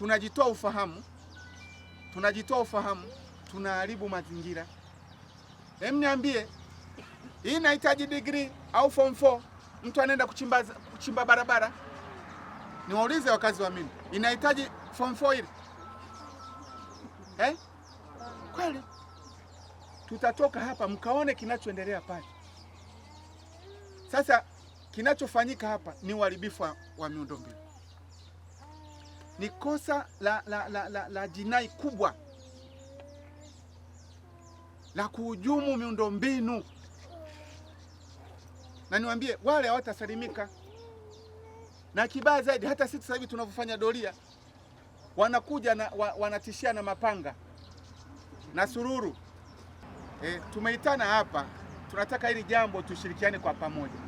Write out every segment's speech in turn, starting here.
tunajitoa ufahamu, tunajitoa ufahamu, tunaharibu mazingira. Hem, niambie, hii inahitaji degree au form 4 mtu anaenda kuchimba, kuchimba barabara? Niwaulize wakazi wa mimi, inahitaji form 4 ile eh? Kweli tutatoka hapa mkaone kinachoendelea pale. Sasa kinachofanyika hapa ni uharibifu wa miundombinu ni kosa la, la, la, la, la jinai kubwa la kuhujumu miundombinu, na niwaambie wale hawatasalimika. Na kibaya zaidi, hata sisi sasa hivi tunavyofanya doria, wanakuja na, wa, wanatishia na mapanga na sururu. E, tumeitana hapa, tunataka hili jambo tushirikiane kwa pamoja.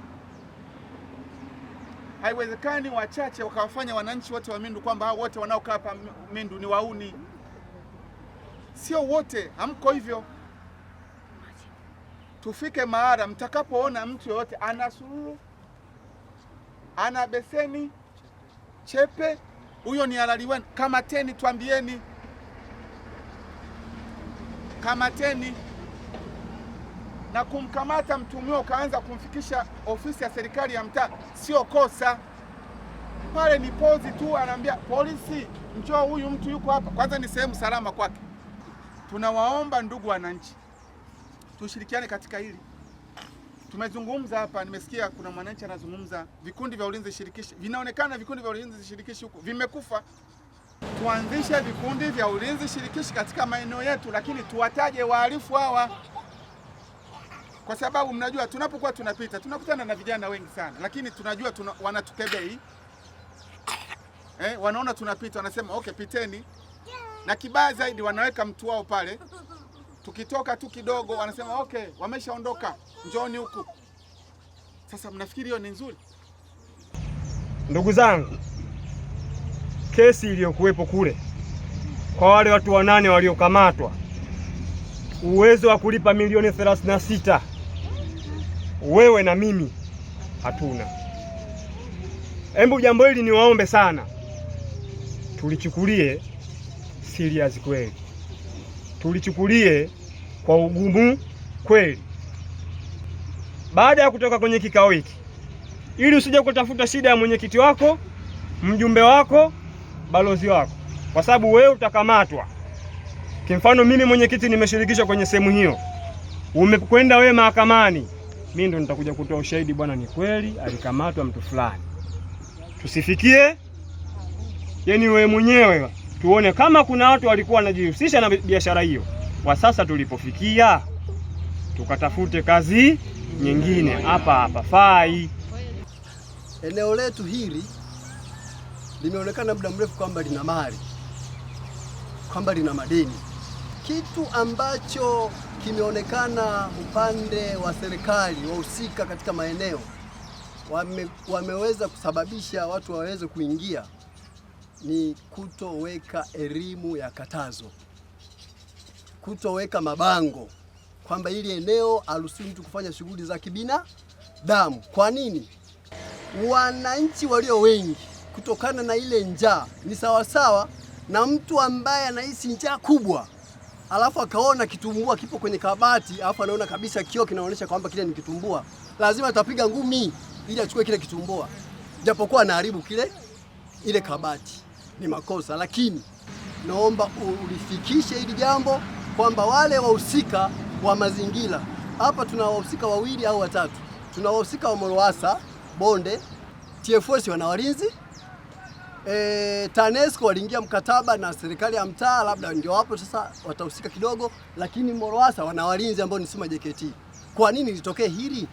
Haiwezekani wachache wakawafanya wananchi wote wa Mindu kwamba hao wote wanaokaa hapa Mindu ni wauni. Sio wote, hamko hivyo. Tufike mahali mtakapoona mtu yoyote ana sururu, ana beseni chepe, huyo ni halali wenu. Kamateni, twambieni, kamateni na kumkamata mtuhumiwa ukaanza kumfikisha ofisi ya serikali ya mtaa, sio kosa. Pale ni pozi tu, anaambia polisi, njoo huyu mtu yuko hapa. Kwanza ni sehemu salama kwake. Tunawaomba ndugu wananchi, tushirikiane katika hili. Tumezungumza hapa, nimesikia kuna mwananchi anazungumza, vikundi vya ulinzi shirikishi vinaonekana, vikundi vya ulinzi shirikishi huko vimekufa. Tuanzishe vikundi vya ulinzi shirikishi katika maeneo yetu, lakini tuwataje wahalifu hawa kwa sababu mnajua tunapokuwa tunapita tunakutana na vijana wengi sana, lakini tunajua tuna, wanatukebei eh, wanaona tunapita, wanasema okay, piteni. Na kibaya zaidi wanaweka mtu wao pale, tukitoka tu kidogo wanasema okay, wameshaondoka, njooni huku. Sasa mnafikiri hiyo ni nzuri? Ndugu zangu, kesi iliyokuwepo kule kwa wale watu wanane waliokamatwa, uwezo wa kulipa milioni 36 wewe na mimi hatuna. Hebu jambo hili niwaombe sana, tulichukulie serious kweli, tulichukulie kwa ugumu kweli. Baada ya kutoka kwenye kikao hiki, ili usije kutafuta shida ya mwenyekiti wako, mjumbe wako, balozi wako, kwa sababu wewe utakamatwa. Kimfano mimi mwenyekiti nimeshirikishwa kwenye sehemu hiyo, umekwenda wewe mahakamani mimi ndo nitakuja kutoa ushahidi, bwana, ni kweli alikamatwa mtu fulani. Tusifikie yani wewe mwenyewe tuone kama kuna watu walikuwa wanajihusisha na biashara hiyo. Kwa sasa tulipofikia, tukatafute kazi nyingine hapa hapa fai. Eneo letu hili limeonekana muda mrefu kwamba lina mali, kwamba lina madeni kitu ambacho kimeonekana upande wa serikali wahusika katika maeneo wame, wameweza kusababisha watu waweze kuingia ni kutoweka elimu ya katazo, kutoweka mabango kwamba ili eneo haruhusiwi mtu kufanya shughuli za kibinadamu. Kwa nini? Wananchi walio wengi kutokana na ile njaa ni sawasawa na mtu ambaye anahisi njaa kubwa alafu akaona kitumbua kipo kwenye kabati, alafu anaona kabisa kio kinaonyesha kwamba kile ni kitumbua, lazima atapiga ngumi ili achukue kile kitumbua, japokuwa anaharibu kile ile kabati, ni makosa. Lakini naomba ulifikishe hili jambo kwamba wale wahusika wa mazingira hapa, tuna wahusika wawili au watatu, tuna wahusika wa Molowasa Bonde, TFS wana walinzi E, TANESCO waliingia mkataba na serikali ya mtaa, labda ndio wapo sasa watahusika kidogo, lakini MORUWASA wana walinzi ambao ni SUMA JKT. Kwa nini litokee hili?